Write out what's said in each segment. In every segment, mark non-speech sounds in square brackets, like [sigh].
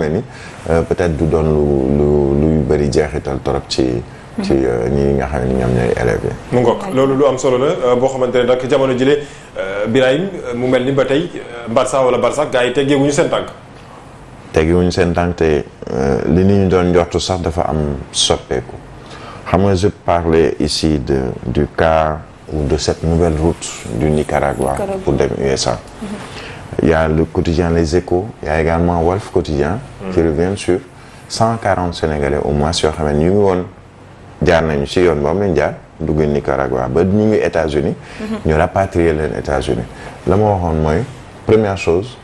mel ni euh, peut-être du doon bëri jeexital torop ci ci euh, ñi nga xam ne ñoom mu ngoog loolu lu solo la euh, boo xamante ne nag jamono jile Birahim mu mel ni ba tey Barça wala Barça gars teg teggeewuñu seen tànk teggeewuñu seen tànk te li nuñ doon njortu sax dafa am soppeeku xam nga je parlais ici de du cas ou de cette nouvelle route du Nicaragua pour dem USA mm-hmm. yaa y a le quotidien Les Échos, il y a également Walf Quotidien hmm. qui reviennent sur 140 Sénégalais au moins yoo xam ne ñu ngi woon jaar nañu ci yoon boobu lañ jaar dugg Nicaragua ba ñu ngi États-Unis hmm. ñu rapatrier leen États-Unis la ma waxoon mooy première chose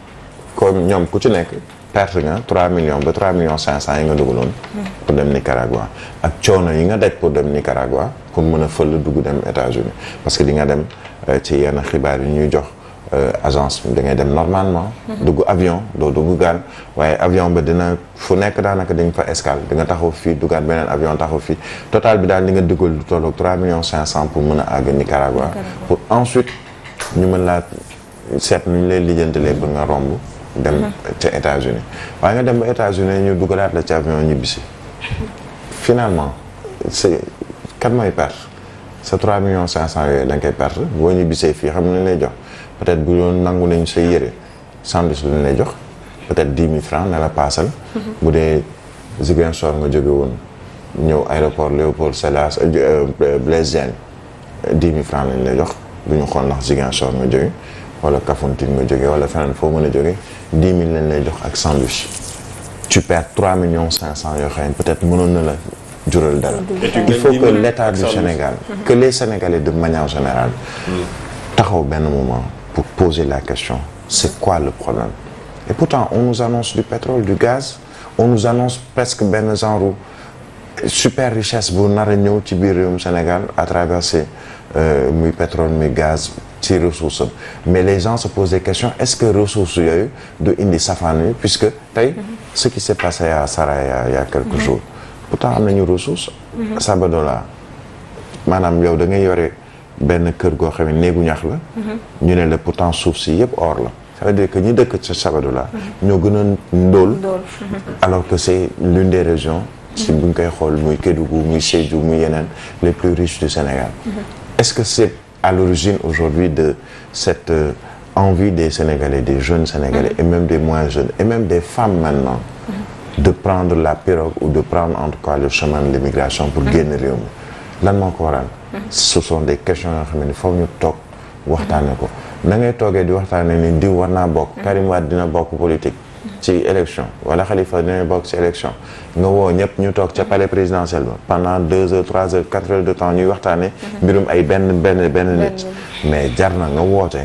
comme ñoom ku ci nekk perte nga 3 millions ba 3 millions 500 yi nga dugaloon. Hmm. pour dem Nicaragua ak coono yi nga daj pour dem Nicaragua pour mën a fël dugg dem États-Unis parce que di nga dem euh, ci yenn xibaar yi ñuy jox. Euh, agence da ngay dem normalement. Mhm. dugg avion doo dugg gaan waaye avion ba dina fu nekk daanaka dañ fa escale di nga taxaw fii duggaat beneen avion taxaw fii total bi daal di nga duggal lu tolloog 3 millions 500 pour mën a àgg Nicaragua. pour ensuite ñu mën laa seet nu ñu lay lijjantalee ba nga romb. dem mhm. ca États-Unis waaye nga dem ba États-Unis ñu duggalaat la ci avion ñibbisi. finalement c'est kat mooy perte sa 3 millions 500 yooyu da nga perte boo ñibbisee fii xam ne lay jox. peut-être bu doon nangu nañ say yére sandwich lañ lay jox peut-être dix mille francs ne la paasal. Mhm. bu dee Ziguinchor nga jóge woon ñëw aéroport Léopold Sédar euh, euh, Blaise Diagne dix mille francs lañ lay jox bu ñu xool ndax Ziguinchor nga jóge wala Kafountine nga jóge wala feneen foo mën a jóge dix mille lañ lay jox ak sandwich tu perds trois millions cinq cent yoo xam ne peut-être mënoon na la jural dara il faut que l'État du Sénégal mhm. que les Sénégalais de manière générale mm. taxaw benn moment pour poser la question c'est quoi le problème et pourtant on nous annonce du pétrole du gaz on nous annonce presque benn genre super richesse bu nar a ñëw ci biir réewum Sénégal à traverser euh, muy pétrole muy gaz ci ressource mais les gens se posent des questions est-ce que ressources yooyu du indi safaan yi puisque tey ce qui s'est passé à Saraya il y a mhm. pourtant am nañu ressource mhm. Sabadola maanaam yow da ngay yore benn kër goo xam ne néegu ñax la. Mhm. ñu ne la pourtant suuf si yëpp or la. ça veut dire que ñi dëkk ca Sabodala. Mhm. ñoo gën a ndóol. [laughs] alors que c' est l'une des régions. si mhm. buñ koy xool muy Kédougou muy Sédhiou muy yeneen les plus riches du Sénégal. est ce que c' est à l'origine aujourd'hui de cette euh, envie des Sénégalais des jeunes Sénégalais et même des moins jeunes et même des femmes maintenant. de prendre la pirogue ou de prendre en tout cas le chemin de l'immigration pour génn réew lan moo ko waral. ce de des questions yoo xam ne foog ñu toog waxtaane ko na ngay toogee di waxtaane ni diw war naa bokk Karim dina bokk politique ci élection wala xalifa dina bokk ci élection nga woo ñëpp ñu toog ca palais présidentiel ba pendant deux heures trois heures quatre heures de temps ñuy waxtaane mbirum ay benn benn benn nit mais jar na nga woote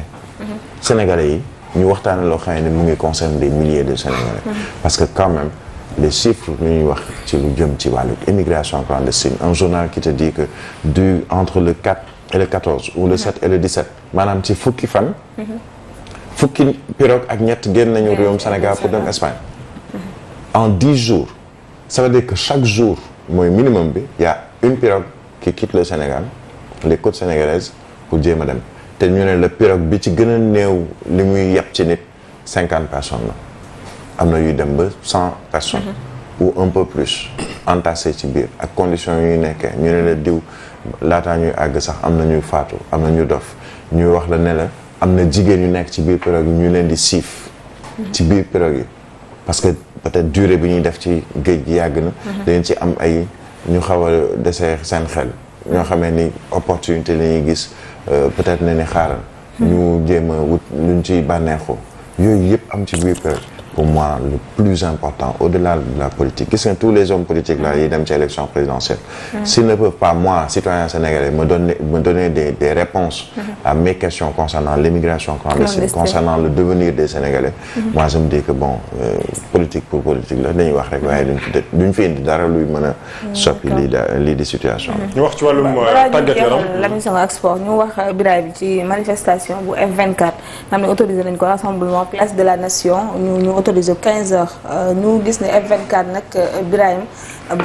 sénégalais yi ñu waxtaane loo xam ne mu ngi concerne des milliers de sénégalais mmh. parce que quand même les chiffres lu ñuy wax ci lu jëm ci wàllu immigration clandestine un journal qui te dit que du entre le 4 et le 14 ou le 7 et le maanaam ci fukki fan fukki pirogue ak ñett génn nañu réewum Sénégal pour dem Espagne en 10 jours ça veut dire que chaque jour mooy minimum bi y a une pirogue qui quitte le Sénégal les côtes sénégalaises pour jéem a dem te ñu ne la pirogue bi ci gën a néew li muy yàpp ci nit cinquante personnes la am na yuy dem ba cent person mhm. ou un peu plus entassé ci biir ak conditions yu nekkee ñu ne la diw laataa ñuy àgg sax am na ñuy faatu am na ñu dof ñuy wax la ne la am na jigéen yu nekk ci biir pirogue yi ñu leen di siif. Mhm. ci biir pirogue yi parce que peut-être durée bi ñuy def ci géej gi yàgg na. Mhm. dañ ci am ay ñu xaw a dese seen xel. ñoo xamee ni opportunité la ñuy gis euh, peut-être na ni xaaral. ñu jéem a wut luñ ciy bànneexoo yooyu yëpp am ci biir pirogue. pour moi le plus important au-delà de la politique gis tous les hommes politiques là yi ci élection présidentielle mmh. ne peuvent pas moi citoyen sénégalais me donner des réponses mm-hmm. à mes questions concernant l'immigration concernant le devenir des sénégalais mm-hmm. moi je me que euh, politique pour politique la dañuy wax rek waaye duñ duñ dara luy mën a mm, soppi lii situation mm-hmm. ñu wax ci wàllum euh, tàggat yaram la mission ak sport bi ci manifestation bu f nga xam ne nañ ko rassemblement place de la nation ñu ñu autorisé 15 heures euh, ñu gis ne F24 nag euh, Birahim euh,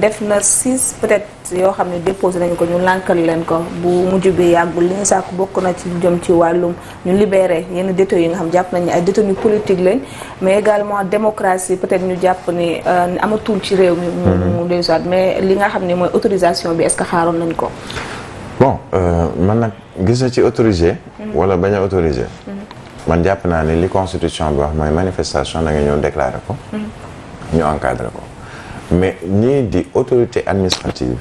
def na 6 peut-être yoo xam ne déposé nañu ko ñu lànkal leen ko bu mujj bi yàggul li ñu sàkk bokk na ci jëm ci wàllum ñu libere yenn détenus yi nga xam jàpp nañ ne ay détenus politique lañ mais également démocratie peut-être ñu jàpp ni amatul ci réew mi mm-hmm. mu mu mais li nga xam ne mooy autorisation bi est xaaroon nañ ko bon euh, man nag gis na ci autoriser mhm. wala bañ a autorisé. Mhm. man jàpp naa ne li constitution bi wax mooy manifestation da nga ñëw déclaré ko. Mhm. ñu encadré ko mais ñii di autorité administrative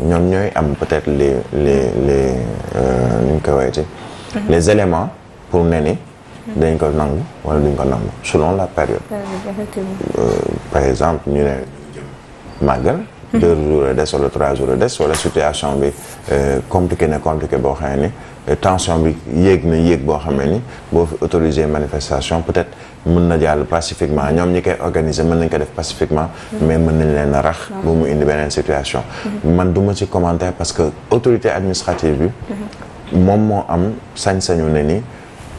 ñoom ñooy am peut-être les les les euh, nu ñu koy wayte les éléments pour ne ni. dañ ko nangu wala duñ ko nangu selon la période. Euh, par exemple ñu ne màggal. deux jours a des wala trois jours a des wala situation bi euh, compliqué na compliqué boo xam ne ni euh, tension bi yéeg na yéeg boo xamee ni boo fi autorisé manifestation peut-être mun na jàll pacifiquement ñoom ñi koy organiser mën nañ ko def pacifiquement mais mën nañ leen a rax bu mu indi beneen situation mhm. man du ma ci commentaire parce que autorité administrative bi mhm. moom moo am sañ-sañu ne ni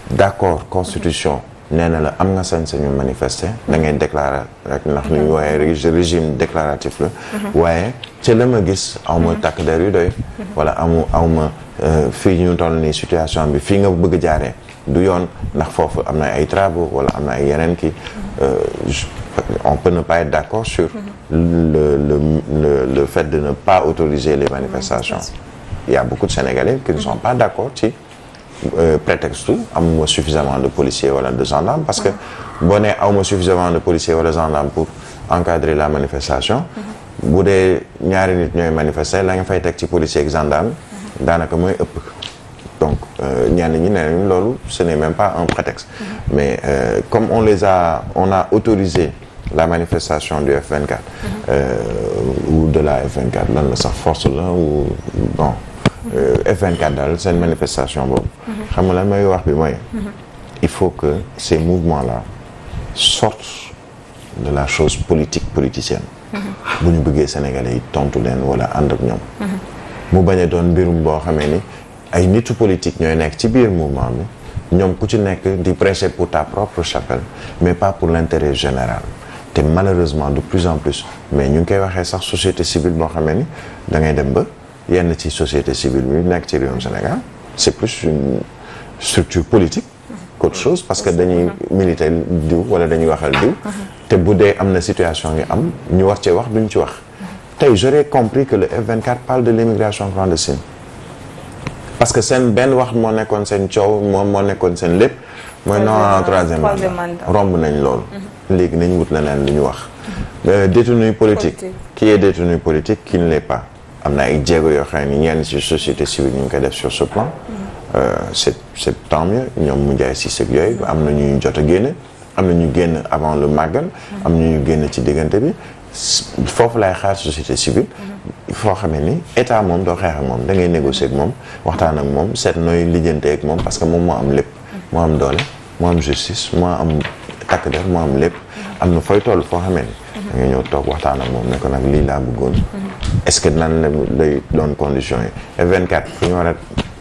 d'accord constitution nee na la am na sañ-sañu manifester da ngay déclarer rek ndax lu ñu wooyee régime déclaratif la mhm. waaye ca la ma gis aw ma mhm. takk der yu doy mhm. wala amu aw ma euh, fii ñu toll nii situation bi fii nga bëgg jaaree du yoon ndax foofu am na ay travaux wala am na ay yeneen kii euh, on peut ne pas d'accord sur le le le le fait de ne pas autoriser les manifestations il y a beaucoup de Sénégalais qui ne sont pas d'accord ci Euh, prétexte amuma suffisamment de policier wala de gendarmes parce que boo nee awma suffisamment de policier wala gendarmes pour encadrer la manifestation bu dee ñaari nit ñooy manifester laa nga fay teg ci policier ak gendarme daanaka mooy ëpp donc euh, ñenn ñi nee nañu loolu ce n'est même pas en prétexte mais euh, comme on les a on a autorisé la manifestation du F24 euh, ou de la F24 lan la sax force la Euh, F24 daal seen manifestation boobu. Mhm. xam nga lan may wax bi mooy. Mhm. il faut que ces mouvements la sortent de la chose politique politicienne. Mhm. bu ñu bëggee Sénégalais yi tontu leen wala ànd ak ñoom. mu bañ doon mbirum boo xamee ni ay nitu politique ñooy nekk ci biir mouvement bi ñoom ku ci nekk di prêcher pour ta propre chapelle mais pas pour l'intérêt général. te malheureusement de plus en plus mais ñu ngi koy waxee sax société civile boo xamee ni da dem ba. yenn ci société civile bi nekk ci réewum Sénégal c'est plus une structure politique qu'autre chose parce que dañuy militer diw wala dañuy waxal diw te bu dee am na situation yu am ñu wax cee wax duñ ci wax tey j'aurais compris que le F24 parle de l'immigration clandestine parce que seen benn wax moo nekkoon seen coow moom moo nekkoon seen lépp mooy non troisième mandat romb nañ loolu mhm. léegi nañ wut leneen lu ñu wax euh, détenu politique qui est détenu politique qui ne l'est pas am na ay jéego yoo xam ne ñenn ci société civile ñu ngi koy def sur ce plan. Euh, c'est c'est ñoom mu jaay si sëg yooyu am na ñuy jot a génne am na ñu génn avant le màggal. am na ñu génn ci diggante bi. foofu laay xaar société civile foo xamee ni état moom doo xeex moom da ngay négocier ak moom waxtaan ak moom seet nooy lijjantee ak moom parce que moom moo am lépp moo am doole moo am justice moo am takk der moo am lépp am na fooy toll foo xamee ni ñu ñëw toog waxtaan ak moom ne ko nag lii laa bëggoon. Mm-hmm. est-ce que nan la lay doon condition yi F24 fi ñu war a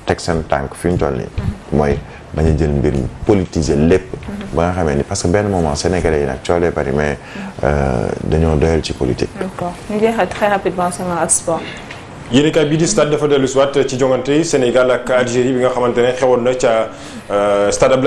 teg seen tànk fi ñu toll nii. Mm-hmm. mooy bañ a jël mbir mi politiser lépp. Mm-hmm. ba nga xamee ni parce que benn moment sénégalais yi nag coolee bari mais euh, dañoo doyal ci politique. d'accord ñu jeexal très rapidement sama ak sport. yéenekaay bii di stade dafa dellu waat ci jongante Sénégal ak Algérie bi nga xamante ne xewoon na ca euh, stade